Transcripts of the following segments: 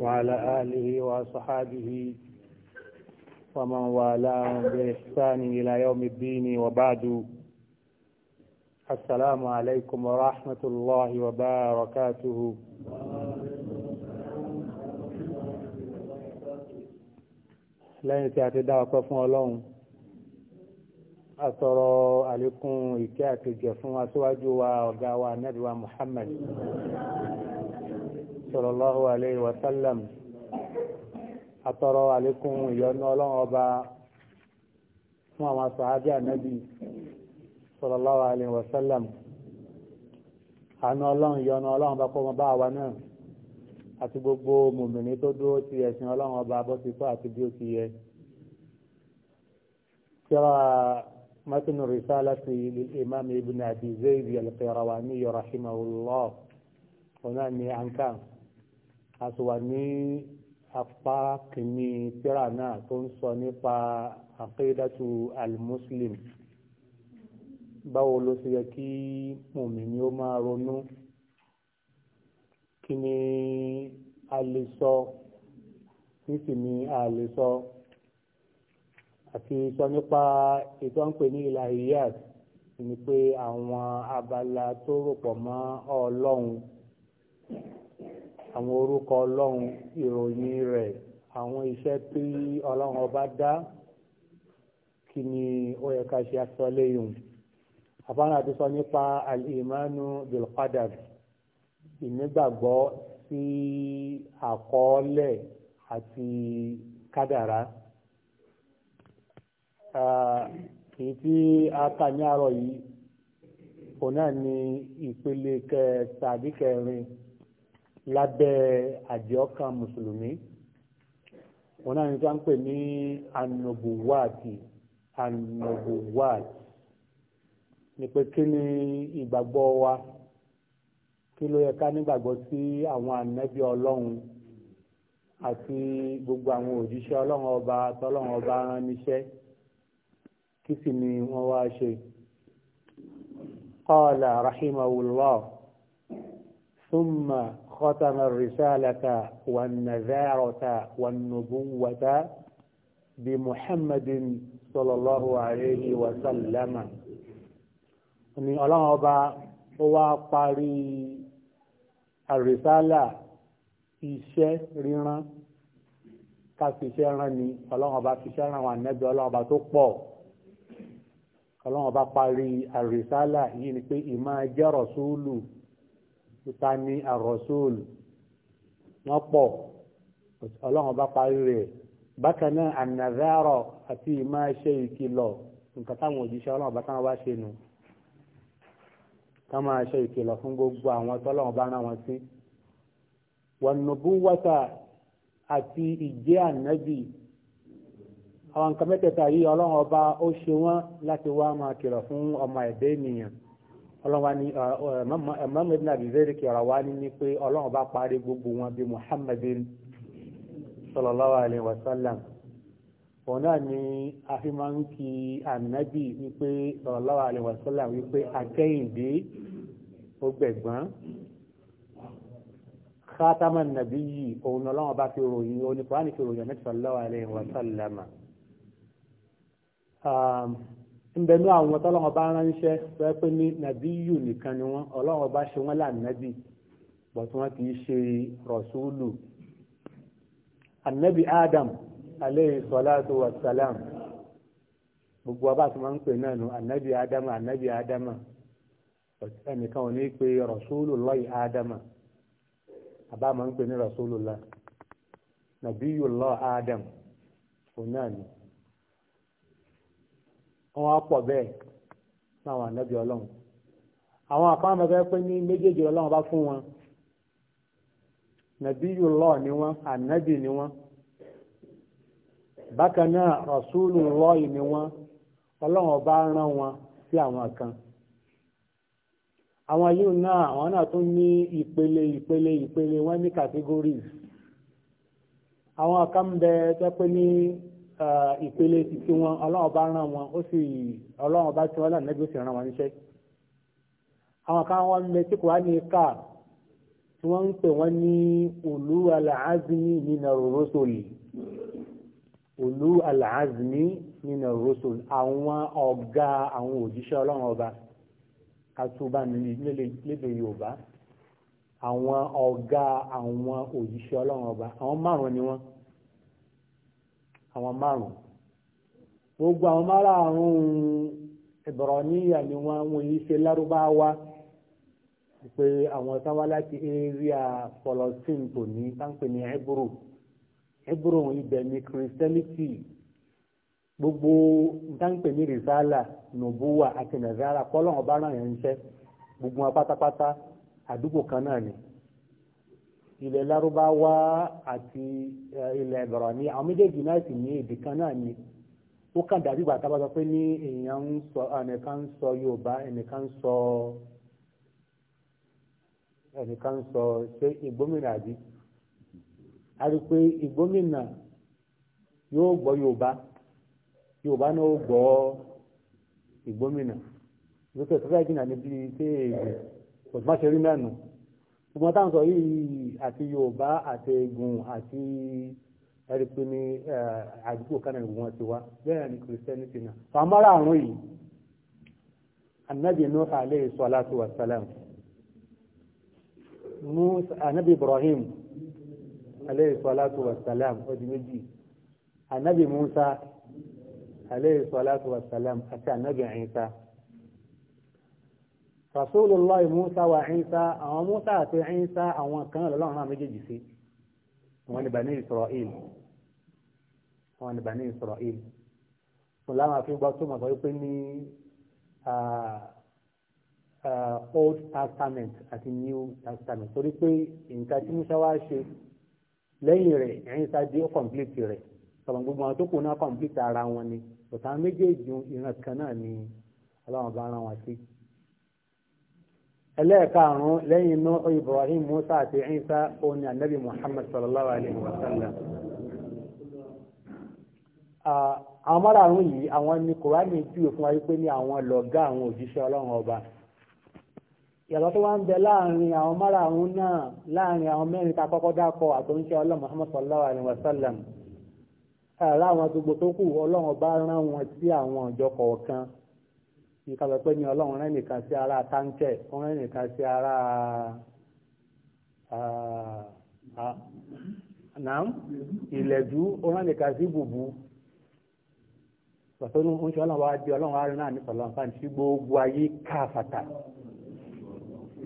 وعلى آله وصحابه ومن والاهم بإحسان إلى يوم الدين وبعد السلام عليكم ورحمة الله وبركاته lẹ́yìn tí a ti dá ọpẹ́ fún ọlọ́run àtọ̀rọ̀ àlékún ìkẹ́ àti ìjẹ̀ fún aṣíwájú wa ọ̀gá wa nẹ́bíwá Muhammad sallallahu alayhi wa sallam atọrọ àlékún ìyọ́nú ọlọ́run ọba fún àwọn sàábí ànábì sallallahu alayhi wa sallam àánú ọlọ́run ìyọ́nú ọlọ́run bá kọ́mọ bá wa náà àti gbogbo mùmìnì tó dúró ti ẹ̀sìn ọlọ́run ọba bó ti kọ́ àti bí ó ti yẹ kíra mẹ́tìnù risalati lil imam ibn abi zayd al-qirawani rahimahullah ọ̀nà ni àǹkà a sì wà ní apá kìíní tírà náà tó ń sọ nípa àkéédàtú almuslim báwo ló ṣe yẹ kí mùmíní ó máa ronú kí ni a lè sọ nísì ni a lè sọ àti sọ nípa ètò ń pè ní ilahiyat ni pé àwọn abala tó rò pọ̀ mọ́ ọlọ́run àwọn orúkọ ọlọ́run ìròyìn rẹ̀ àwọn iṣẹ́ tí ọlọ́run ọba dá kí ni ó yẹ ká ṣe aṣọ léyìn àbára àti sọ nípa alìmánu bilqadar ìnígbàgbọ́ sí àkọọ́lẹ̀ àti kádàrá èyí tí a kà ní àárọ̀ yìí òun náà ni ìpele kẹta àbí kẹrin lábẹ́ àjọkà mùsùlùmí wọn náà ní tí wọ́n ń pè ní anobuwaati anobuwaati ni pé kí ni ìgbàgbọ́ wa kí ló yẹ ká nígbàgbọ́ sí àwọn ànábì ọlọ́run àti gbogbo àwọn òjíṣẹ́ ọlọ́run ọba tọ́lọ́run ọba rán níṣẹ́ kí sì ni wọ́n wá ṣe. qala rahimahullah thumma. ختم الرسالة والنذارة والنبوة بمحمد صلى الله عليه وسلم ni ọlọ́run ọba ó wá parí àrísálà iṣẹ́ ríran ká fi iṣẹ́ rán ni ọlọ́run ọba fi iṣẹ́ rán wa nẹ́bí ọlọ́run ọba tó pọ̀ ọlọ́run ọba parí àrísálà yìí ni pé ìmá jẹ́ rọ̀súùlù títa ní àrọ̀sóòlù wọ́n pọ̀ ọlọ́run bá parí rẹ̀ bákan náà ànàzárọ̀ àti ìmáa ṣe ìkìlọ̀ nǹkan táwọn òjíṣẹ́ ọlọ́run bá táwọn bá ṣe nù ká máa ṣe ìkìlọ̀ fún gbogbo àwọn tọ́lọ́run bá rán wọn sí wọ̀nùbú wọ́tà àti ìjẹ́ ànábì àwọn nǹkan mẹ́tẹ̀ẹ̀ta yìí ọlọ́run ọba ó ṣe wọ́n láti wá máa kìlọ̀ fún ọmọ ẹ̀dẹ́ ènìyàn ọlọ́run wa ni Imam Ibn Abi Zayd kìrọ̀ wá ní ní pé ọlọ́run bá parí gbogbo wọn bí Muhammadin sallallahu alaihi wasallam òun náà ni a fi máa ń kí ànábì wípé sallallahu alaihi wasallam wípé akẹ́yìndé ó gbẹ̀gbọ́n kátàmà nàbí yìí òun ọlọ́run bá fi ròyìn onípa ní fi ròyìn sallallahu alaihi wasallam nbẹnu àwọn tọ́lọ́wọ́ bá ránṣẹ́ sọ pé ní nàbíyù nìkan ni wọ́n ọlọ́wọ́ bá ṣe wọ́n lànàbì bọ̀tí wọ́n kì í ṣe rọ̀ṣúlù Adam aleyhi sọláàtù wasalam gbogbo ọba tí wọ́n ń pè náà nù ànàbì Adama ànàbì Adama ẹnìkan ò ní pe rọ̀ṣúlù lọ́yì Adama àbá máa ń pè ní rọ̀ṣúlù nàbíyù lọ́ Adam òun náà nù. wọn á pọ̀ bẹ́ẹ̀ láwọn ànábì ọlọ́run àwọn àkọ́wọ́n mẹ́fẹ́ pé ní méjèèjì ọlọ́run bá fún wọn nàbíyullah ni wọ́n ànábì ni wọ́n bákan náà rasulullah ni wọ́n ọlọ́run ọba rán wọn sí àwọn kan àwọn yìí náà àwọn náà tún ní ìpele ìpele ìpele wọ́n ní categories àwọn kan bẹ ní ìpele títí wọn ọlọ́run bá ràn wọn ó sì ọlọ́run bá tí wọ́n lànà bí ó sì ràn wọn níṣẹ́ àwọn kan wọ́n ń bẹ tí kò wá ní ká tí wọ́n ń pè wọ́n ní ulú al-azmi nínú rusuli ulú al-azmi nínú rusuli àwọn ọ̀gá àwọn òjíṣẹ́ ọlọ́run ọba katuba lédè yorùbá àwọn ọ̀gá àwọn òjíṣẹ́ ọlọ́run ọba àwọn márùn-ún ni wọ́n. àwọn márùn gbogbo àwọn márààrún ìbọ̀rọ̀níyà ni wọ́n wọ́n yìí ṣe lárúbáwá pé àwọn táwa láti area Palestine ní ní Hebrew Hebrew ibẹ̀ ní Christianity gbogbo dáńpẹ̀ ní rìsálà nùbúwà àti nàìjíríà yẹn ń ṣẹ́ kan náà ilẹ̀ Lárúbáwá àti ilẹ̀ ìbọ̀rọ̀ ni àwọn méjèèjì náà sì ní èdè kan náà ni ó kàn dàbí ìgbà sọ pé ní èèyàn ń sọ ẹnìkan ń sọ Yorùbá ẹnìkan ń sọ ẹnìkan ń sọ ṣé ìgbómìnà àbí a rí pé ìgbómìnà yóò gbọ́ Yorùbá Yorùbá náà ó gbọ́ ìgbómìnà tó fẹ́ jìnnà níbi ṣùgbọ́n táwọn sọ yìí àti Yorùbá àti Ẹ̀gùn àti ẹ̀rìpé ní àdúgbò kan náà ti wá bẹ́ẹ̀ ni kìrìsìtẹ́nìtì náà fàmọ́ra àrùn yìí anabi nuh alayhi salatu wa salam anabi Ibrahim alayhi salatu wa salam ọdún méjì anabi Musa alayhi salatu wa salam àti anabi Isa rasulullah musa wa isa àwọn musa àti isa àwọn kan lọ́lọ́run náà méjèèjì sí wọn ni bani israel wọn ni bani israel fún láwọn àfihàn tó mọ̀ sọ wípé ní old testament àti new testament torí pé nǹkan tí musa wá ṣe lẹ́yìn rẹ̀ ẹ̀yìnsá di ó kọ̀m̀plìtì rẹ̀ sọ̀rọ̀ gbogbo àwọn tó kù náà kọ̀m̀plìtì ara wọn ni ọ̀tá méjèèjì ìran kan náà ni ọlọ́run bá ara wọn sí. ẹlẹ́ẹ̀kaàrún lẹ́yìn inú ibrahim musa àti isa onye ni ànábì muhammad sallallahu alayhi wa sallam àwọn márààrún yìí àwọn ni kòránì júwe fún wa wípé ní àwọn lọ̀gá àwọn òjíṣẹ́ ọlọ́run ọba ìyàtọ̀ tó wá ń bẹ láàrin àwọn márààrún náà láàrin àwọn mẹ́rin tá kọ́kọ́ dákọ̀ àtòǹṣẹ́ ọlọ́run sallallahu wa nǹkan lọ pé ní ọlọ́run rẹ́ nìkan sí ara táǹkẹ̀ wọ́n rẹ́ nìkan sí ara nàám ìlẹ̀dú wọ́n rẹ́ nìkan sí bùbù pàtó ní oúnjẹ ọlọ́run wa di ọlọ́run arin náà ní sọ̀rọ̀ nǹkan tí gbogbo ayé káfàtà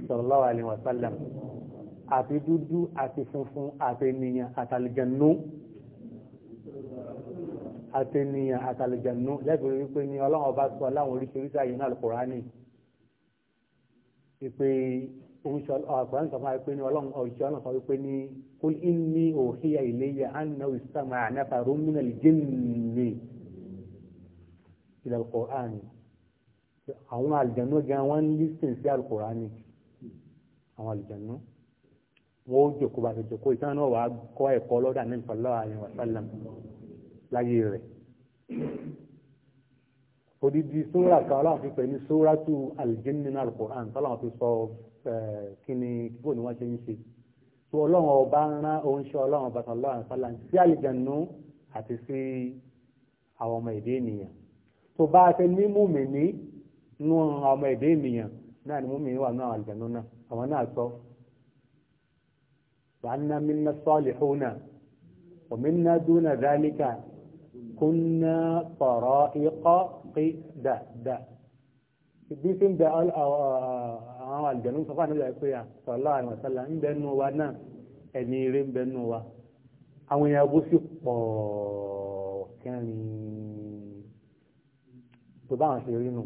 sallallahu alaihi wasallam àti dúdú àti funfun àti ènìyàn àtàlìjẹ̀nú. No àtẹnìyàn àtàlùjànú lẹ́gbẹ̀rẹ́ wípé ní ọlọ́run ọba sọ láwọn oríṣiríṣi àyè náà lùkùránì wípé oríṣi àkùránì sọ máa wípé ní ọlọ́run ọ̀ṣọ́ náà sọ wípé ní kul inni òhìyà ilayya anna istama'a nafarun minal jinni ila al-Qur'ani àwọn àlùjànú gan wọ́n ń lísìn sí àlùkùránì àwọn àlùjànú wọ́n ó jòkó bàtẹ̀ ìtàn náà wàá kọ́ ẹ̀kọ́ lọ́dà ní ìfọ̀lọ́ àyẹ̀wò sálàmù láyé rẹ̀ odidi sóra kan aláwọ̀ fi pè ní sóra tu aljinn nínú alukur'an tọ́láwọ̀ fi sọ kíni kíkó ni wọ́n ṣe ń ṣe tí ọlọ́run ọba ń rán oúnṣẹ́ ọlọ́run ọba sọ̀rọ̀ àǹfààní sí àlìjànú àti sí àwọn ọmọ èdè ènìyàn tó bá a fẹ́ ní mùmìnì nú ọmọ èdè ènìyàn náà ni mùmìnì wà náà àlìjànú náà àwọn náà sọ wàá ná mi ná sọ́ọ̀lì hóun náà òmìnira dúnà dálíkà كنا طرائق ikọ́ pé dàdà bí sí ń bẹ àwọn àlùjànnú sọfà nílò ẹ pé sallallahu alaihi wasallam ń bẹ nù wa náà ẹni eré ń bẹ nù wa àwọn èèyàn bó sì pọ̀ kẹrin tó bá àwọn ṣe rí nù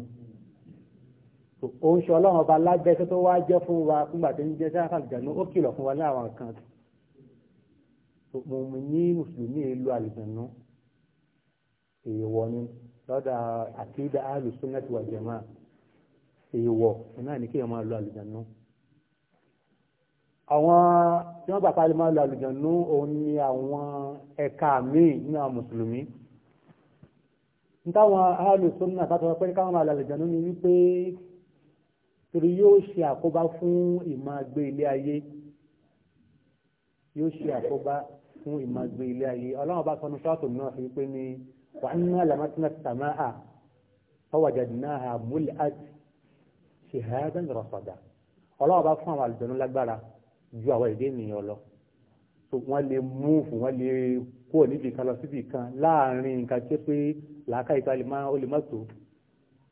òun ṣe jẹ́ fún wa fún wa ní mùsùlùmí èlò èèwọ̀ ni lọ́dà àkídà alùsùnmẹ́tì wà jẹ̀mọ́ èèwọ̀ náà ní kí èèyàn máa lo àlùjànnú. àwọn tí wọ́n bàtà lè máa lo àlùjànnú òun ni àwọn ẹ̀ka míì nínú àwọn mùsùlùmí. n táwọn alùsùnmẹ́tì àtàwọn pé káwọn máa lo àlùjànnú ni wípé torí yóò ṣe àkóbá fún ìmàgbé ilé ayé yóò ṣe àkóbá fún ìmàgbé ilé ayé ọlọ́run bá sọ ní sọ́ọ̀tù náà fi pé ní. وأنا لمسنا السماء فوجدناها ملأت شهابا رصدا ọlọ́wọ́ bá fún àwọn àlùjọ́nú lágbára ju àwọn èdè ènìyàn lọ so wọ́n lè múfù wọ́n lè kó níbi kan lọ síbi kan láàrin nǹkan tí ó pé làákà ìta lè má ó lè má tó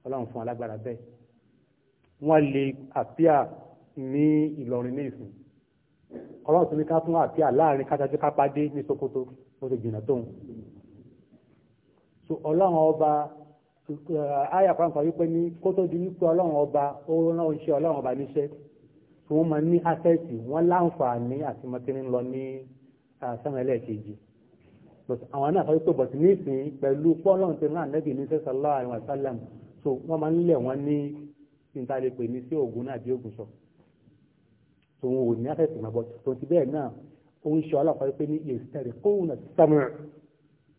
ọlọ́run fún alágbára bẹ́ẹ̀ wọ́n lè àpíà ní Ìlọrin ní ìsìn ọlọ́run tó ní ká tún àpíà láàrin kájájú kápá dé ní Sokoto ó ti jìnnà tóun so ọlọ́run ọba ayàpá eh, nǹkan wípé ní kó tó di wípé ọlọ́run ọba ó rán iṣẹ́ ọlọ́run ọba níṣẹ́ tí wọ́n máa ní àfẹ́ẹ̀sì wọ́n láǹfààní àti mọ́tíní lọ ní sẹ́wọ̀n ẹlẹ́ẹ̀kejì àwọn náà sọ wípé bọ̀tí nísìn pẹ̀lú pọ́lọ́run ti rán ànẹ́bì ní sẹ́sàlá àwọn àṣálàm so wọ́n máa ń lẹ̀ wọ́n ní ìtàlẹ́pẹ̀ ní sí ògùn náà bí ògùn sọ so wọn ò ní àfẹ́ẹ̀sì mọ́ bọ́ tó ti bẹ́ẹ̀ náà ó ń ṣe ọlọ́pàá wípé ní ìsẹ̀rẹ̀ kóhùn náà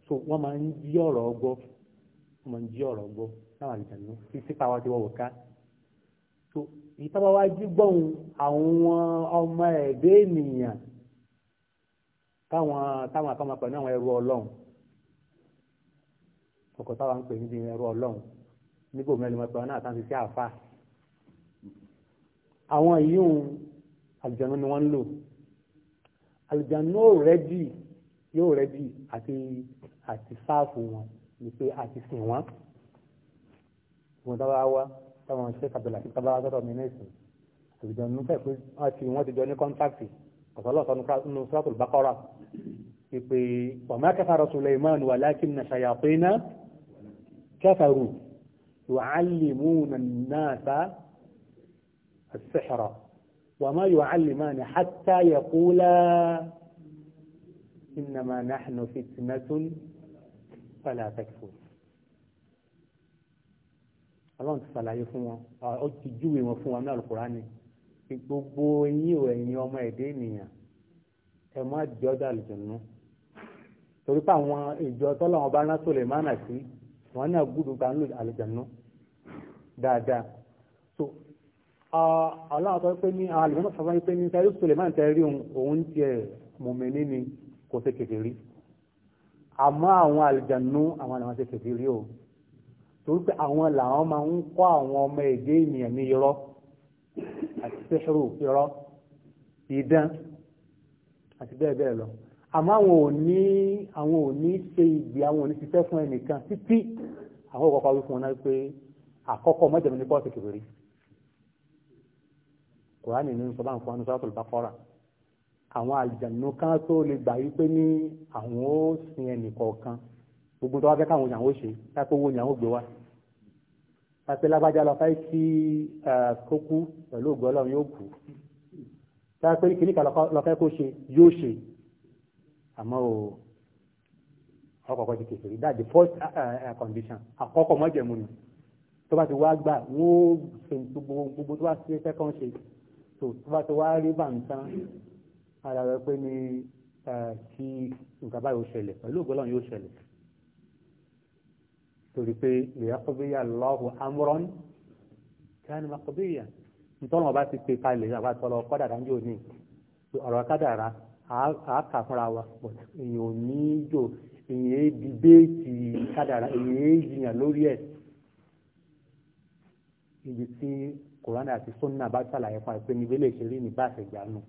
so wọ́n máa ń jí ọ̀rọ̀ gbọ́ wọ́n máa ń jí ọ̀rọ̀ gbọ́ láwọn àlìjànú títí pàwọ́ ti wọ́wọ́ ká so ìtọ́wọ́ wá jí gbọ́hùn àwọn ọmọ ẹ̀dẹ́ ènìyàn táwọn táwọn àkọ́mọ pẹ̀lú àwọn ẹrú ọlọ́run ọkọ̀ táwọn ń pè níbi ẹrú ọlọ́run nígbò mẹ́lẹ̀ mọ́ pẹ̀lú náà táwọn ti sí àáfà àwọn yìí àlìjànú ni wọ́n ń lò àlìjànú ò yóò rẹ́dì àti àti sáàfù wọn ni pé àti sìn wọn ìwọ̀n tó bá wá táwọn ṣe kàbẹ̀là sí tábà sọ̀rọ̀ mi ní ìsìn àbìjọ nínú fẹ́ pé wọ́n ti wọ́n ti jọ ní kọ́ńtáàkì ọ̀sọ́lọ́sọ́ nínú sọ́ọ̀tù bákọ́rà pé ọ̀mọ́ kẹfàrọ̀ Sulaiman walakinna shayatina kafaru yu'allimuna an-nasa as-sihra wa ma yu'allimani hatta yaqula إنما نحن فتنة فلا تكفر ọlọ́run ti ṣàlàyé fún wọn ó ti júwe wọn fún wọn ní alukurani gbogbo eyín ò ẹ̀yin ọmọ ẹ̀dẹ́ ènìyàn ẹ má jẹ́ ọjà àlùjọ̀nù torí pé àwọn ìjọ tọ́lọ́wọ́n bá rán sólè má nà sí wọn náà gbúdú ká ń lò àlùjọ̀nù dáadáa so ọlọ́run sọ pé ní àlùjọ̀nù sọ pé ní sẹ́yìn sólè má ń tẹ́ rí òun tiẹ̀ mọ̀mẹ́ni ni kò ṣe kèfèrí àmọ́ àwọn àlìjànú àwọn làwọn ṣe kèfèrí o torí pé àwọn làwọn máa ń kọ́ àwọn ọmọ èdè ènìyàn ní irọ́ àti sẹ́ṣọ́rò irọ́ ìdán àti bẹ́ẹ̀ bẹ́ẹ̀ lọ àmọ́ àwọn ò ní àwọn ò ní ṣe ìgbé àwọn ò ní ṣiṣẹ́ fún ẹnìkan títí àwọn òkọ̀ọ̀kọ̀ wí fún wọn pé àkọ́kọ́ mọ́jẹ̀mí ní pọ́ọ̀sì kèfèrí kòránì ní sọ́bà ń fọ́nù àwọn àjànú kan tó lè gbà yí pé ní àwọn ó sin ẹnì kọ̀ọ̀kan gbogbo tó wá fẹ́ káwọn òyìnbó ṣe lápẹ́ owó òyìnbó gbé wá lápẹ́ lágbájá lọ fẹ́ kí kókú pẹ̀lú ògbọ́ ọlọ́run yóò kú lápẹ́ kìíní kan lọ fẹ́ kó ṣe yóò ṣe àmọ́ o ọkọ̀ọ̀kọ̀ ti kèfèrè that the first condition àkọ́kọ̀ mọ́jẹ̀mú ni tó bá ti wá gbà wọ́n ó gbogbo tó bá ṣe fẹ́ kàn ṣe tó bá ti wá rí bàǹtán ara rẹ̀ pé ní kí nǹkan báyìí ó ṣẹlẹ̀ pẹ̀lú ògbọ́lọ́run yóò ṣẹlẹ̀ torí pé lèyàkọ́bíyà lọ́hùn amúrán kíánì makọ́bíyà nítorí wọn bá ti pe kalẹ̀ àwọn àtọ́lọ́ kọ́dàrá ní òní ọ̀rọ̀ kádàrá àákà fúnra wa èyàn ò ní jò èyàn é dìbéètì kádàrá èyàn é jiyàn lórí ẹ̀ ibi tí kòránà àti sọ́nà bá ṣàlàyé fún àìpé níbi ilé ìṣeré ní bá àṣẹgbà nù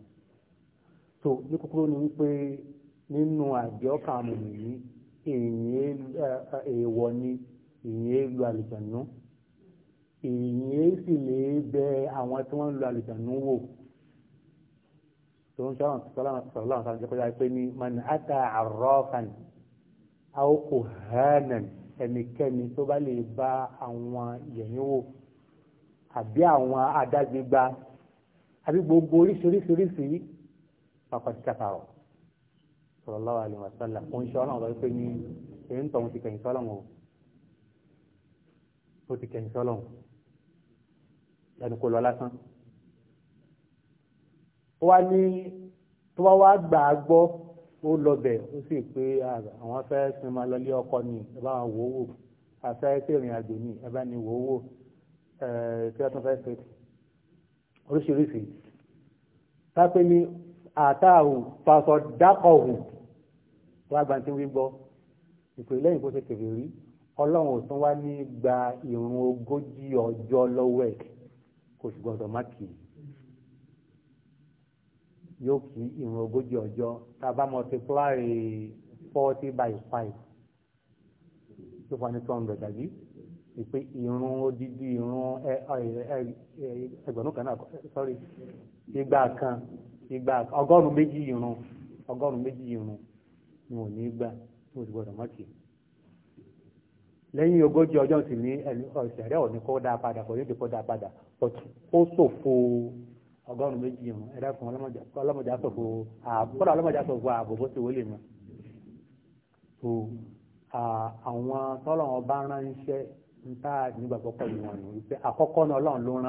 so ní kúkúrú ni wípé nínú àjọ kàmùnì yìí èyìn èèwọ̀ ni èyìn lu àlùjànnú èyìn sì lè bẹ àwọn tí wọ́n ń lu àlùjànnú wò tó ń sọ́rọ̀ sọ́lọ́rọ̀ sọ́lọ́rọ̀ sọ́lọ́rọ̀ jẹ́ kọjá pé ní man ata arrafan aw kuhanan ẹnikẹ́ni tó bá lè bá àwọn yẹ̀yìnwó àbí àwọn adágbégbá àbí gbogbo oríṣiríṣiríṣi fakọ̀tí kàtàrọ̀ sallallahu alaihi wasallam kò ń ṣe ọlọ́run lọ pé ní èyí ń tọ̀hún ti kẹ̀yìn sọ́lọ́run o tó ti kẹ̀yìn sọ́lọ́run ẹnu kò lọ lásán ó wá ní tó wá wá gbà á gbọ́ ó lọ bẹ̀ ó sì pé àwọn afẹ́ sinmi lọlé ọkọ ni ẹ bá wọn wò ó wò afẹ́ sèrìn ni ẹ bá ní wò ẹ kí wọ́n tún fẹ́ ṣe oríṣiríṣi tápé ní àtàwù pàṣọ dákọ̀wù wá gba tí wí gbọ́ ìpè lẹ́yìn kó ṣe kèrè rí ọlọ́run ò tún wá ní gba ìrun ogójì ọjọ́ lọ́wọ́ ẹ̀ kò sì gbọ́dọ̀ má kì í yóò kí ìrun ogójì ọjọ́ tá bá multiply forty by five tó fà ní two hundred àbí ìpè ìrun odidi ìrun ẹgbẹ̀rún kan náà sorry igba kan igba ọgọ́rùn méjì irun ọgọ́rùn méjì irun ni ò ní gbà ti gbọdọ̀ lẹ́yìn ogójì ọjọ́ sì ní ìṣẹ̀rẹ́ ò ní kó dáa padà kò ní ti kó dáa padà ó ọgọ́rùn méjì irun ẹ̀dá fún ọlọ́mọdé ọlọ́mọdé ààbò bó ti wọlé so àwọn tọ́lọ̀ ránṣẹ́ ń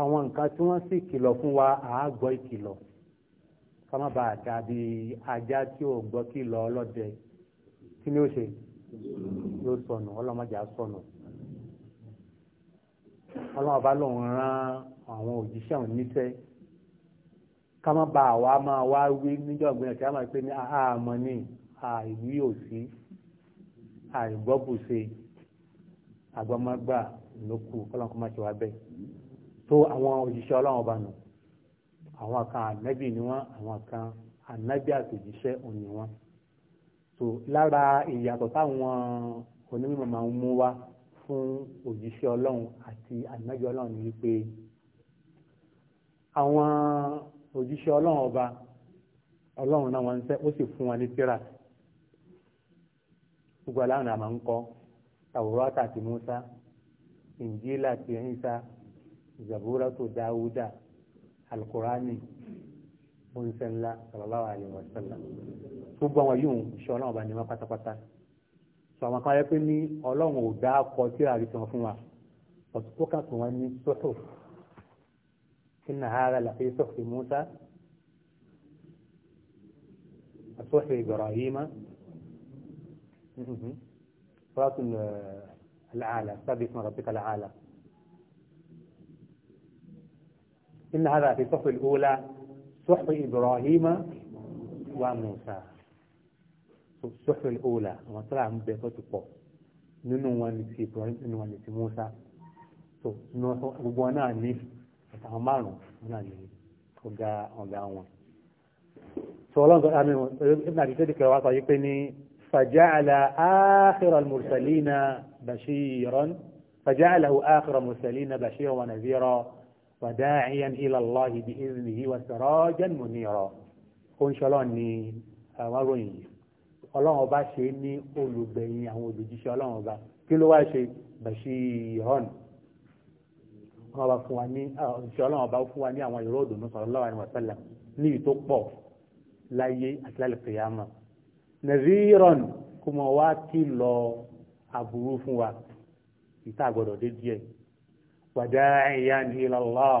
àwọn nǹkan tí wọ́n sì kìlọ̀ fún wa àágbọ́ ìkìlọ̀ ká má bàa dàbí ajá tí ò gbọ́ kìlọ̀ ọlọ́dẹ kí ni ó ṣe yóò sọnù ọlọ́mọdé á sọnù ọlọ́wọ́n lòun rán àwọn òjíṣẹ́ òun níṣẹ́ ká má ba àwa máa wá wí níjọ́ ìgbìyànjú kí á máa pé ní àmọ́ ní àìwí òsí àìgbọ́bùṣe àgbọ́mọ́gbà ló kù kọ́lọ́nkọ́ má ṣe wá bẹ́ẹ̀ tó àwọn òjíṣẹ́ ọlọ́run ọba nù àwọn kan ànábì ni wọ́n àwọn kan ànábì àtòjíṣẹ́ òun ni wọ́n so lára ìyàtọ̀ táwọn onímọ̀ máa ń mú wá fún òjíṣẹ́ ọlọ́run àti ànábì ọlọ́run ni wípé àwọn òjíṣẹ́ ọlọ́run ọba ọlọ́run náà wọ́n ń tẹ́ ó sì fún wọn ní tíra gbogbo aláwọn àmà ń kọ́ àwòrán àtàtì Musa Injila àti Ìsá zabura tó dáwúdà alukurani bonsẹ́nla sallallahu alayhi wa sallam gbogbo àwọn yìí ń ṣe ọlọ́run ọba ní wọn pátápátá sọ àwọn kan yẹ pé ní ọlọ́run ò dá akọ tí àrí tí wọn fún wa ọ̀tútù kan tó wọn ní sọ́tò inna hara lafi sọ́tò musa sọ́tò ibrahima sọ́tò alàlà sábẹ̀ fún rabbika alàlà. إن هذا في صف الأولى صحف إبراهيم وموسى صحف الأولى وما طلع من بيت فوق نونو ونسي إبراهيم نونو ونسي موسى نونو ربنا نيف أتعمالو نونو نيف كوجا أنجا أون سوالان قال أمين ابن عبد الكريم كواطا يقني فجعل آخر المرسلين بشيرا فجعله آخر المرسلين بشيرا ونذيرا وداعيا إلى الله بإذنه وسراجا منيرا إن شاء الله ni àwọn aròyìn ọlọ́run ọba ṣe ní olùgbẹ̀yìn àwọn olùjíṣẹ́ ọlọ́run ọba kí ló wá ṣe bashiran wọn bá fún wa ní òṣìṣẹ́ ọlọ́run ọba fún wa ní àwọn ìró òdùnnú sallallahu alaihi wasallam ní ìtó pọ̀ láyé àti lálẹ́ kìyàmà nadhiran kó mọ̀ wá kí lọ aburú fún wa ìta àgbọ̀dọ̀ dé díẹ̀ wada'iyan ila Allah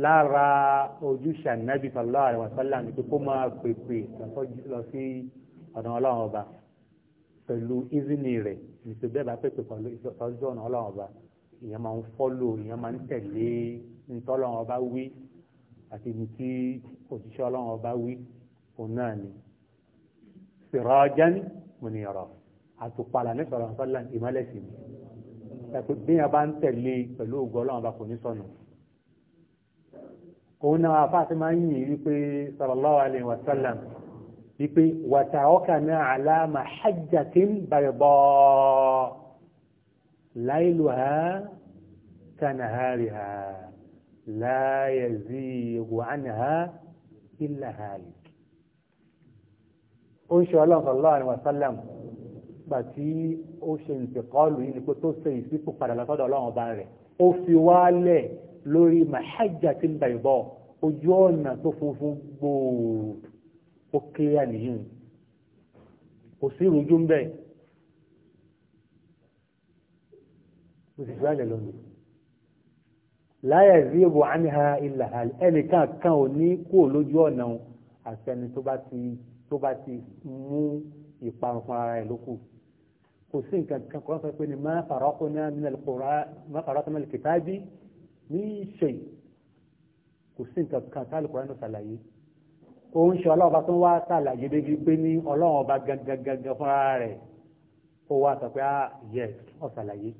lára ojúṣe ànábì sallallahu alaihi wasallam ní pé kó máa pèpè lọ sí ọ̀nà ọlọ́run ọba pẹ̀lú ìzínì rẹ̀ nítorí bẹ́ẹ̀ bá pèpè pẹ̀lú ìtọ́jú ọ̀nà ọlọ́run ọba ìyẹn máa ń fọ́lò ìyẹn máa ń tẹ̀lé ntọ́lọ́run ọba wí àti ibi tí òjíṣẹ́ ọlọ́run ọba wí òun náà ni sirajan munira àtùpàlà ní sọ̀rọ̀ sọ́lá ìmọ̀lẹ́sìn mi ẹ̀pẹ́ bíyàn bá ń tẹ̀lé pẹ̀lú ògùn ọlọ́run bá kò ní sọnù òun náà àfáàtí máa ń yìn wípé sallallahu alaihi wa sallam wípé watawakkalna ala mahajjatin bayda layluha kanahariha la yazighu anha illa halik ó ń ṣe ọlọ́run sallallahu gbà tí ó ṣe ìpèkọ́lù yìí ni pé tó ṣe ìsípò padà lọ́sọ́dọ̀ ọlọ́run ọba rẹ̀ ó fi wálẹ̀ lórí màhájà tí ń bẹ̀ bọ̀ ojú ọ̀nà tó funfun gbòòrò ó kéré àníyàn kò sí ìrújú ń bẹ̀ ó sì fi wálẹ̀ lónìí láyà ìríbò àníhà ilà ẹnìkan kan ò ní kú lójú ọ̀nà àti ẹni tó bá ti mú ìparun fún ara ẹ̀ lókù kò sí nǹkan kan kọ́ sọ pé ni má faraqna minal Qur'an má faraqna minal kitabi ní ṣe kò sí nǹkan kan tá àlùkò ránù ṣàlàyé ó ń ṣe ọlọ́run bá tó ń wá ṣàlàyé débi pé ní ọlọ́run ọba gangan fúnra rẹ̀ ó wá sọ pé ah yes ó ṣàlàyé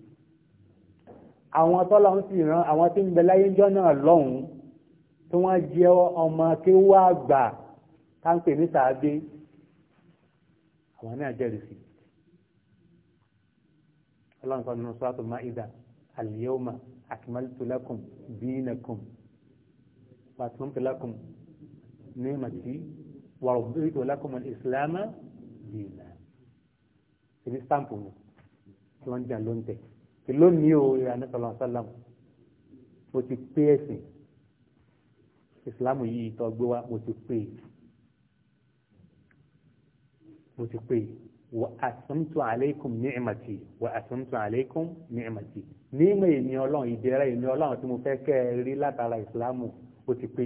àwọn tọ́lọ́ ń sì ràn àwọn tí ń bẹ láyé ńjọ́ náà lọ́hùn tí wọ́n jẹ́ ọmọ kí wọ́n àgbà táǹpẹ̀ ní sàábé àwọn náà jẹ́rìí sí i ọlọ́run sọ nínú suratul Maida al-yawma akmaltu lakum dinakum wa atmamtu lakum ni'mati wa raditu lakum al-islam dina ibi stamp ni tí wọ́n ń jà ló ń tẹ̀ tí lónìí o ìrànà sọ̀rọ̀ sọ́lá mo ti pé ẹ̀sìn ìsìláàmù yìí tó gbé wa mo ti pé mo ti pé wa atumtu aleikum ni'mati wa atumtu aleikum ni'mati ni'ma èmi ọlọ́run ìdẹ̀ra èmi ọlọ́run tí mo fẹ́ kẹ́ ẹ rí látara ìsìlámù ó ti pé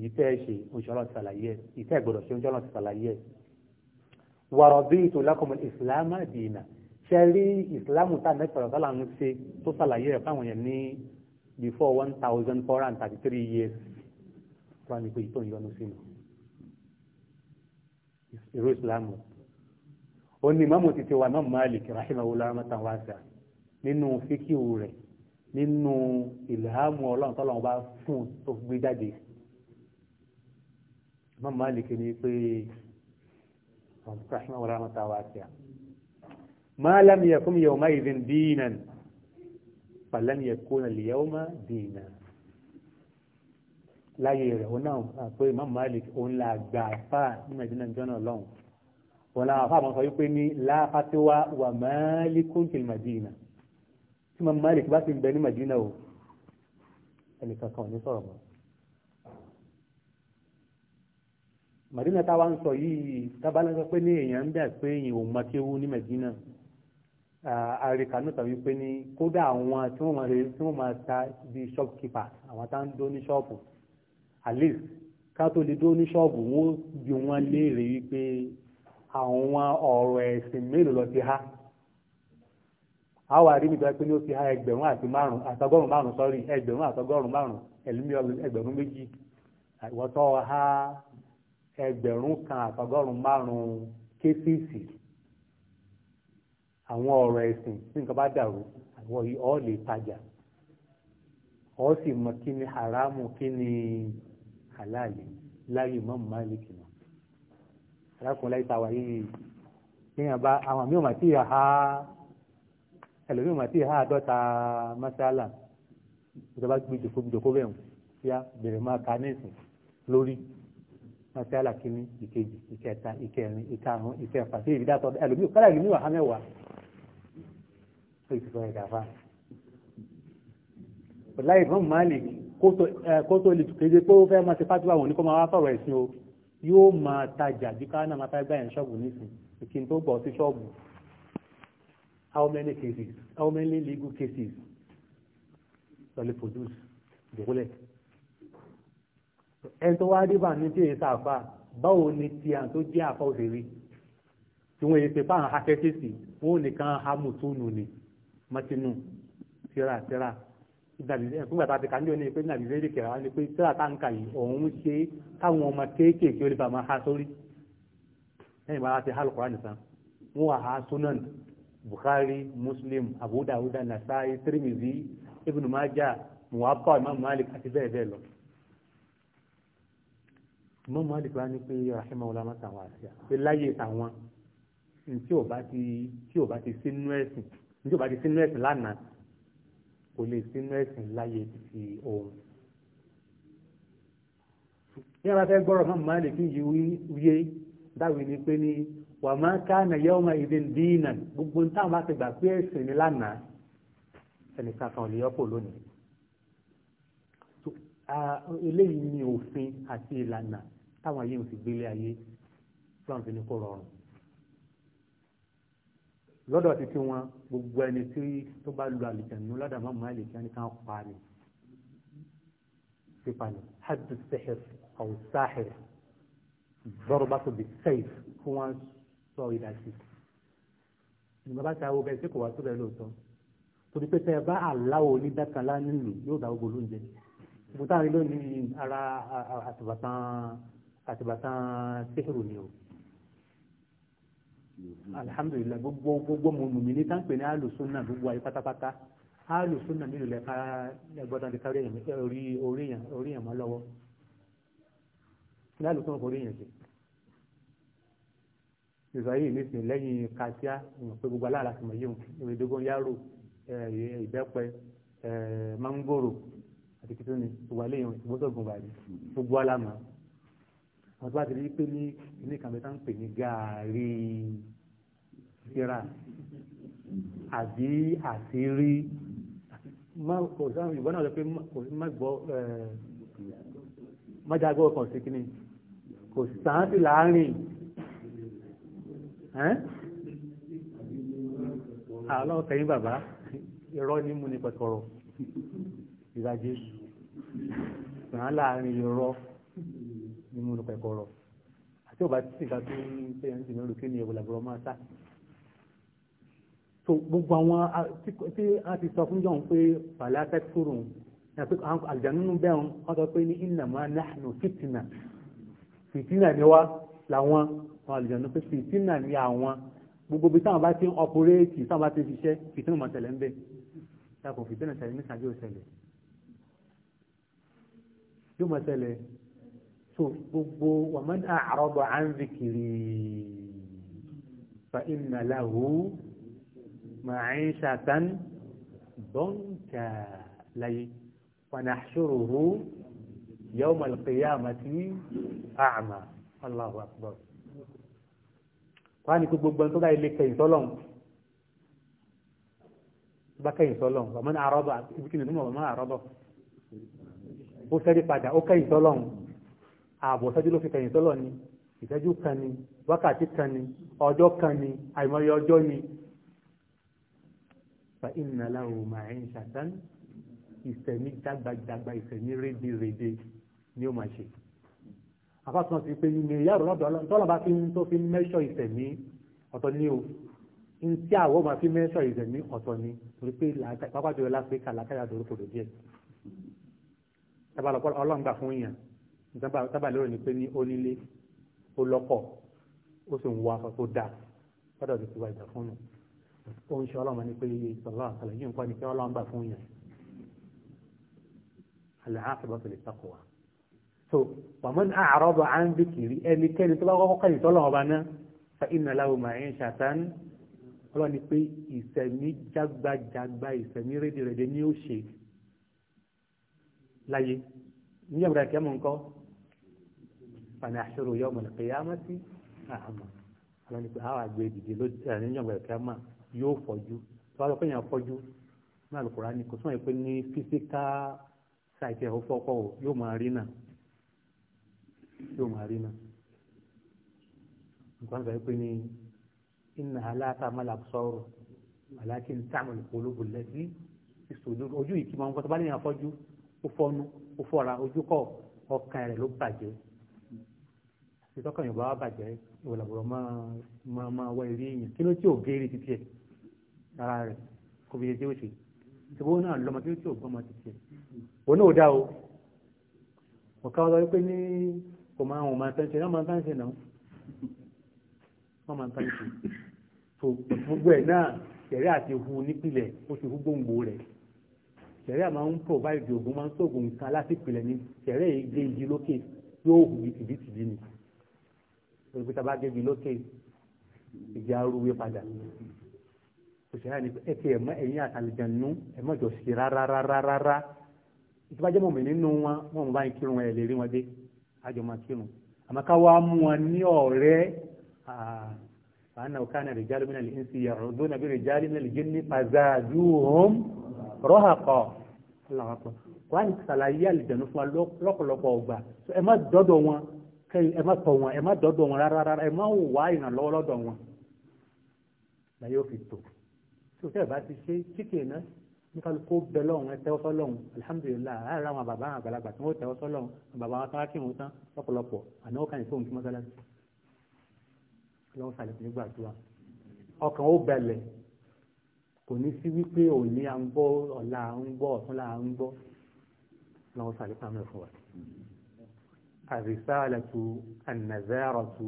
yìí tẹ́ ẹ ṣe oúnjẹ ọlọ́run ti ṣàlàyé ẹ yìí tẹ́ ẹ gbọ́dọ̀ ṣe oúnjẹ ọlọ́run ti ṣàlàyé ẹ. wa raditu lakum ìsìlámù dina ṣe rí ìsìlámù tá a mẹ́fẹ̀ẹ́ ọ̀sán làwọn ṣe tó ṣàlàyé rẹ̀ fáwọn yẹn ní before one thousand four hundred thirty three years. wọ́n á ní pé ìtòyìn ọdún sí mi irú ìsìláàmù ó ní ìmáàmù títí wa Imam Malik rahimahullah rahmatan wasi'a nínú fíkìwù rẹ̀ nínú ìlhàmù ọlọ́run tọ́lọ́run bá fún tó gbé jáde Imam Malik ní pé rahimahullah rahmatan wasi'a ma lam yakum yawma idhin dinan falam yakuna al-yawma dinan láyé rẹ̀ òun náà pé Imam Malik òun là gbà fà ní Mẹ̀dínà jọ́nà lọ́hùn wọn làwọn afá àmọ́ sọ wípé ní láfàtíwá wà Malikun fil Madina tí Imam Malik bá ti bẹ ní Madina o ẹnìkan kan ò ní sọ̀rọ̀ mọ́. Madina táwa ń sọ yìí tábàlá sọ pé ní èèyàn ń dà pé èèyàn ò mọ kéwú ní Madina àríkànú tàbí pé ní kódà àwọn tí wọ́n máa ta bíi shopkeeper àwọn tá ń dó ní ṣọ́ọ̀pù. at least ká lè wọn ní ṣọ́ọ̀bù wọ́n bí wọ́n léèrè wípé lọ ti ha àwọn àrí nígbà pé ní ó ti ha ẹgbẹ̀rún àti márùn àtọgọ́rùn márùn sọ́rí ẹgbẹ̀rún àtọgọ́rùn márùn ẹgbẹ̀rún méjì àìwọ́tọ́ ẹgbẹ̀rún kan àtọgọ́rùn márùn kéfìsì àwọn ọ̀rọ̀ ẹ̀sìn tí nǹkan bá dàrú àwọn lè tajà mọ kí ni haramu halali láyé Imam Malik nà arákùnrin láyé tàwa yìí níyàn bá àwọn àmì òmà tí ì ha ẹlòmí òmà tí ì ha àdọ́ta masala ìjọba gbé jòkó jòkó bẹ́ẹ̀ fíà bẹ̀rẹ̀ máa ka ní ìsìn lórí masala kìíní ìkejì ìkẹta ìkẹrin ìkarùn ìkẹfà sí ìdídàtọ̀ ẹlòmí kọ́lá ẹlòmí wà hámẹ́wàá ó ti sọ ẹ̀dá fáà láyé Imam Malik kó tó lè kéde pé ó fẹ́ máa ṣe fátíwá wọn ní kó máa wá sọ̀rọ̀ ẹ̀sìn o yóò máa tajà bí káwọn náà máa fẹ́ gbà yẹn ṣọ́ọ̀bù nísìn ìkí tó bọ̀ sí ṣọ́ọ̀bù how many cases how many legal cases lọ produce ìdókòlẹ̀ ẹni tó wá débà ní tí èyí sàfà báwo ni ti à ń tó jẹ́ àfà òṣèré tí wọ́n èyí ṣe fáwọn akẹ́kẹ́sì wọ́n nìkan hamiltonu ni martinu tíra tíra ìgbà tá a ti kà ní òní pé nàbí fẹ́rẹ́ kẹ̀rọ wọn ni pé tíra tá n kà yìí òun ṣe káwọn ọmọ kéékèèké ó lè bá máa ha sórí lẹ́yìn bá ti hálùkọ́ rán nìkan wọ́n wà ha sunan bukhari muslim abu dawuda nasai tirimizi ibn maja muwapa imam malik àti bẹ́ẹ̀ bẹ́ẹ̀ lọ. imam malik wá ní pé rahimahu lama tàwọn àṣà pé láyé tàwọn tí ò bá ti sínú ẹ̀sìn tí ò bá ti sínú ẹ̀sìn lánàá kò lè sínú ẹ̀sìn láyé ti òun. ní àwọn afẹ́ gbọ́rọ̀ náà máa lè fi yí wíyé dáwì ni pé ní wà máa ká nà yẹ́ ọmọ ìdí dínà gbogbo ní táwọn bá ti gbà pé ẹ̀sìn ni lánàá ẹnì kankan ò lè yọpọ̀ lónìí. eléyìí ni òfin àti ìlànà táwọn ayé ń fi gbélé ayé fúlàǹfin ní kò rọrùn lọ́dọ̀ títí wọn gbogbo ẹni tí tó bá lu àlìjẹ̀nu lọ́dọ̀ máa mú àlìjẹ̀ ní káwọn pa ni pípa ni hadu sehef aw sahir bọ́rọ̀ bá tóbi sẹ́yf fún wọn sọ ìdásí ìgbà bá ta owó bẹ́ẹ̀ tí kò wá tó bẹ́ẹ̀ lóòótọ́ torí pé tẹ́ ẹ bá àláwọ̀ onídàkànlá nílùú yóò dá ogun lóúnjẹ ìbútá rí lónìí ara àtìbàtàn àtìbàtàn sẹ́hìrù ni o. alhamdulilayi gbogbo gbogbo mùmí n pe ni alusunna gbogbo ayé pátápátá alùsùnà nílùú lẹ́ka ẹgbọ́dọ̀ ti kárí orí èèyàn mọ́ lọ́wọ́ lálùsùnà kò rí èèyàn sí ìsọ̀yí nísìnyí lẹ́yìn pé gbogbo aláàlá ti mọ̀ yíò ìwé dógún yárò ìbẹ́pẹ àti kìtìní gbogbo aléyìn gbogbo àwọn tó bá ti rí pé ní ilé kàmẹ́tà ń pè ní gàárì síra àbí àṣírí kò sáwọn ìbọn náà lọ pé má gbọ́ eh, májàgbọ́ kan sí kíní kò sáńtì láàrin àwọn ah, ọ̀tẹ̀yìn bàbá irọ́ ní mú pẹ̀kọ̀rọ̀ ìdájí sàn láàrin irọ́ ní múnú pẹ̀kọ̀rọ̀ àti ọba tí ìgbà tó ń pè ń sìnkú lókè ní ẹ̀wọ̀n làbúrò máa sá. so gbogbo àwọn tí a ti sọ fún jọ̀hún pé pàlẹ́ afẹ́kúrò àjànínú bẹ́ẹ̀ wọ́n sọ pé ní ìnàmá náà fìtìnà fìtìnà ni wá làwọn àwọn àlùjànnú pé fìtìnà ni àwọn gbogbo bí táwọn bá ti ń ọpọrẹ́ẹ̀tì táwọn bá ti ṣiṣẹ́ fìtínà máa tẹ̀lé ń bẹ̀ táwọn fìtínà tẹ̀lé ní sàbí òṣẹlẹ̀ yóò máa tẹ̀lé so gbogbo wàmán àrọ́bọ̀ à ń zikiri fa inna lahu ma'ishatan dọ́nkà láyé wa nahshuruhu yawm al-qiyamati a'ma Allahu akbar wọ́n á ní kó gbogbo ẹni tó bá ilé kẹyìn sọ́lọ́n tó bá kẹyìn sọ́lọ́n wàmán àrọ́bọ̀ ibi kìnnìún wàmán àrọ́bọ̀ ó sẹ́rí padà ó kẹyìn sọ́lọ́n ààbọ̀ ìṣẹ́jú ló fi kẹ̀yìn sọ́lọ̀ ni ìṣẹ́jú kan ni wákàtí kan ni ọjọ́ kan ni àìmọye ọjọ́ ni fa inna lahu ma'ishatan ìsẹ̀mí dàgbàdàgbà ìsẹ̀mí rédèrèdè ni ó máa ṣe àfáàtúnà ti pé ní ìyàrá lọ́dọ̀ tọ́lọ́ba fi ń tó fi mẹ́ṣọ̀ ìsẹ̀mí ọ̀tọ̀ ni o ń tí àwọ̀ máa fi mẹ́ṣọ̀ ìsẹ̀mí ọ̀tọ̀ ni torí pé pápájọ́ láfíríkà látàrí àdórókòdò díẹ̀ tábàlọ́pọ̀ ọlọ́ngbà fún èèyàn sábà lórí ni pé ní onílé ó lọ́kọ̀ ó sì ń wọ aṣọ tó dáa lọ́dọ̀ ti ti wá ìgbà fún mi ó ń ṣe ọlọ́mọ ní pé ìsọ̀lá àtàlẹ̀ yìí ń kọ́ ni pé ọlọ́mọ bà fún yẹn àlàáfíà lè takò wá. so wàmọ́n àárọ̀bọ̀ à ń bìkìrì ẹnikẹ́ni tó bá kọ́kọ́ kẹ́yìn tọ́lọ́ ọba náà fa iná láwùmọ̀ ma'in shatan ọlọ́run ni pé ìsẹ̀mí jágbajàgba ìsẹ̀mí rédèrèdè ni ó ṣe láyé ní ìyàwó fanahṣuru yawm al-qiyamati a'ma àwọn ni pé àwọn àgbẹ̀ ìdìde ló ti àní yọmọ ẹ̀kẹ́ àmà yóò fọ́jú tó wàá lọ pé èèyàn fọ́jú ní àlùkòrá ni kò sún ẹ̀ pé ní físíkà ṣáìtì ẹ̀ fọ́kọ́ o yóò máa rí náà yóò máa rí náà nǹkan sọ pé ní inna aláta mọ́làbùsọ̀rọ̀ àlákì ń tààmù ìpolówó lẹ́sí ìṣòdò ojú ìkímọ̀ nǹkan tó bá lè yàn fọ́jú ó fọ́nu ó fọ́ra ojú kọ̀ ọkàn rẹ̀ ló bàjẹ́ ìtọ́kàn yorùbá wa bàjẹ́ ìwòlàbọ̀rọ̀ máa máa wá eré èèyàn kí ló tí ò géèrè títí ẹ̀ ara rẹ̀ kò fi ṣe òṣè ìṣòwò náà lọ́mọ kí ló tí ò gbọ́mọ títí ẹ̀ òun náà ò dá o ọ̀ká wa lọ wípé ní kò máa hùn máa tẹ́ńṣe náà máa tẹ́ńṣe náà wọ́n máa tẹ́ńṣe tó gbogbo ẹ̀ náà ṣẹ̀rí àti hu nípìnlẹ̀ ó ti hu gbòǹgbò rẹ̀ ṣẹ̀rí àmà provide ògùn máa ń sóògùn nǹkan láti pìlẹ̀ ní ṣẹ̀rí èyí gbé igi lókè pé tá a bá débi lókè ìjà arúgbó padà òṣèré àná ẹ ti ẹ̀mọ́ ẹ̀yìn àtàlùjẹ̀nu ẹ̀mọ́ jọ sí rárá rárá rárá ìtúbàjẹ́ mọ̀mí nínú wọn wọn mọ̀ bá ń kírun ẹ̀ lè rí wọn dé àjọ máa kírun àmọ́ ká wá mú wọn ní ọ̀rẹ́ àánà òkàna rìjálù mìíràn lè ń sì yàrá lónà bí rìjálù mìíràn lè jẹ́ ní pàzáàdù hóm rọ́hàkọ̀ ọlọ́wọ́ kan wọ́n á fún wa lọ́pọ̀lọpọ̀ ọgbà ẹ má dọ́dọ̀ wọn kẹ́yìn ẹ má tọ̀ wọn ẹ má dọ́dọ̀ wọn rárá rárá ẹ má wá ìrànlọ́wọ́ lọ́dọ̀ wọn la yóò fi tò tí o tẹ́ bá ti ṣe chicken náà ní kálukú bẹ lọ́hùn ẹ tẹ́wọ́ sọ́lọ́hùn alihamudulilayi ara àwọn bàbá àwọn àgbàlagbà tí wọ́n tẹ́wọ́ sọ́lọ́hùn bàbá wọn sára kí wọn tán lọ́pọ̀lọpọ̀ àná ó kàn yín fóun kí mọ́sálásí lọ́wọ́ sàlẹ̀kùn nígbà tó wà ọkàn ó bẹ̀lẹ̀ kò ní sí wípé òní à àrísàlàtù ànàzàràtù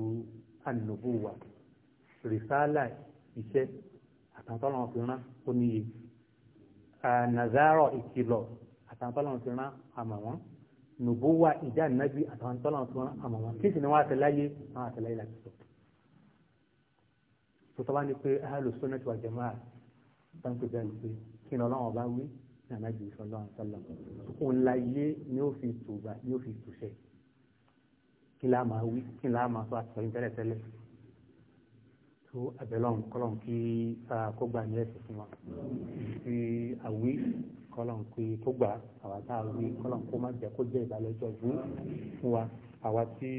ànàbùwà rìsàlà iṣẹ́ àtàntọ́lọ́wọ́ fi rán ó níye ànàzàrọ̀ ìkìlọ̀ àtàntọ́lọ́wọ́ fi rán àmà wọn nùbúwà ìjà nàbí àtàntọ́lọ́wọ́ fi rán àmà wọn kí sì ni wọ́n àtẹláyé àwọn àtẹláyé láti sọ. sọ́tọ́ bá ní pé ahlu sunnah wal jamaa báńkì bẹ́ẹ̀ ni pé kí ni ọlọ́wọ́ bá wí ní ànábì sallallahu alaihi wasallam òun láyé ni ó fi tùbà kí la máa wí kí la máa sọ àtìsọ yín tẹ́lẹ̀tẹ́lẹ̀ tó àbẹ̀lọ́n kọ́lọ́n kí kó gbà ní ẹ̀sìn fún wa fi àwí kọ́lọ́n kí kó gbà àwa tá kọ́lọ́n kó má jẹ́ kó jẹ́ ìbálẹ́jọ́ ìlú fún wa àwa tí